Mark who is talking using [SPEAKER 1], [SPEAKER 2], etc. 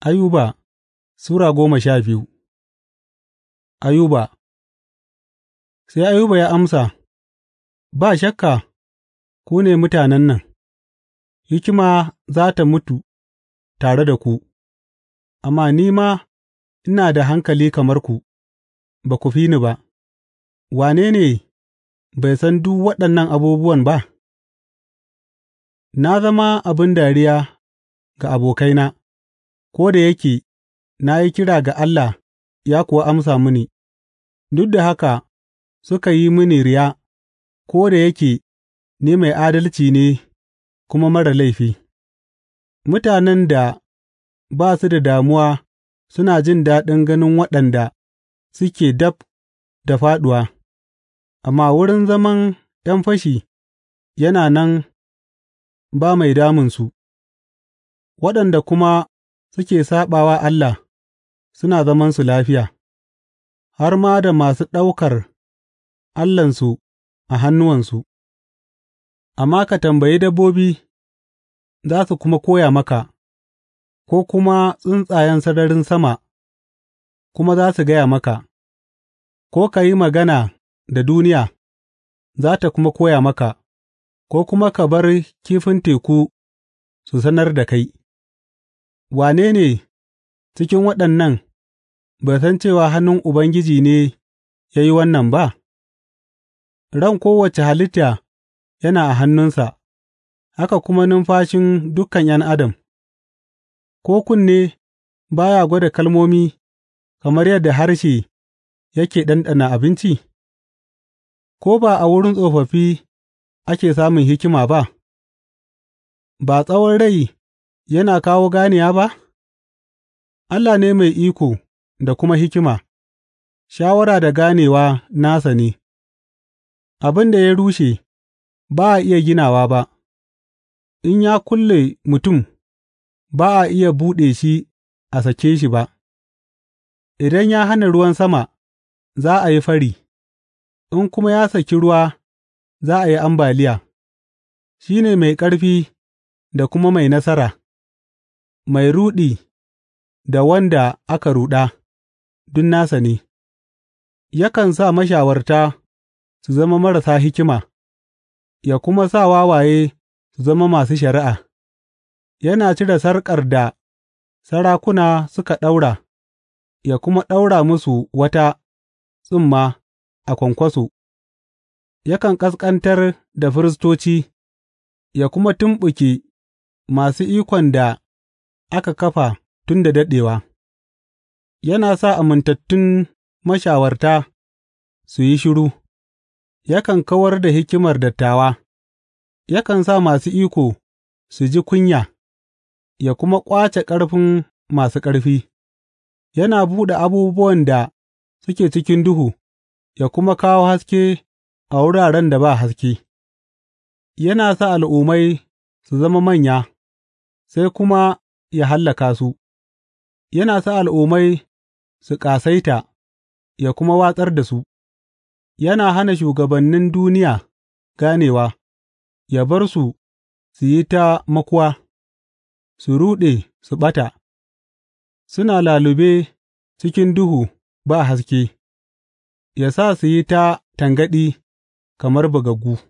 [SPEAKER 1] Ayuba Sura goma sha biyu Ayuba Sai Ayuba ya amsa, Ba shakka ku ne mutanen nan, hikima za tă mutu tare da ku, amma ni ma ina da hankali kamar ku, ba ku fi ni ba, wane ne bai san duk waɗannan abubuwan ba? Na zama abin dariya ga abokaina. Ko da yake na yi kira ga Allah ya kuwa amsa mini, duk da haka suka yi mini riya ko da yake ni mai adalci ne kuma marar laifi; mutanen da ba su da damuwa suna jin daɗin ganin waɗanda suke dab da fāɗuwa, amma wurin zaman ’yan fashi yana nan ba mai damunsu, waɗanda kuma suke saɓa wa Allah suna zamansu lafiya, har ma da masu ɗaukar allahnsu a hannuwansu; amma ka tambayi dabbobi za su kuma koya maka, ko kuma tsuntsayen sararin sama kuma za su gaya maka, ko ka yi magana da duniya za ta kuma koya maka, ko kuma ka bar kifin teku su sanar da kai. Wane ne cikin waɗannan bai san cewa hannun Ubangiji ne ya yi wannan ba? Ran kowace halitta yana a hannunsa, haka kuma numfashin dukan ’yan adam, ko kunne ba ya gwada kalmomi kamar yadda harshe yake ɗanɗana abinci? Ko ba a wurin tsofaffi ake samun hikima ba, ba tsawon rai. yana kawo ganiya ba? Allah ne mai iko da kuma hikima, shawara da ganewa nasa ne, abin da ya rushe ba a iya ginawa ba, in ya kulle mutum ba a iya buɗe shi a sake shi ba, idan ya hana ruwan sama za a yi fari, in kuma ya saki ruwa za a yi ambaliya, shi ne mai ƙarfi da kuma mai nasara. mai ruɗi da wanda aka ruɗa, duk nasa ne; yakan sa mashawarta su zama marasa hikima ya kuma sa wawaye su zama masu shari'a; yana cire sarƙar da sarakuna suka ɗaura ya kuma ɗaura musu wata tsumma a kwankwaso; yakan ƙasƙantar da firistoci ya kuma tumɓuke masu ikon da aka kafa tun da daɗewa, yana sa amintattun mashawarta su yi shiru, yakan kawar da hikimar dattawa, yakan sa masu iko su ji kunya, ya kuma ƙwace ƙarfin masu ƙarfi, yana buɗe abubuwan da suke cikin duhu, ya kuma kawo haske a wuraren da ba haske, yana sa al'ummai su zama manya, sai kuma ya hallaka su, yana sa al'ummai su ƙasaita ya kuma watsar da su, yana hana shugabannin duniya ganewa, ya bar su su yi ta makuwa, su ruɗe su ɓata, suna lalube cikin duhu ba haske, ya sa su yi ta tangaɗi kamar bugaggu.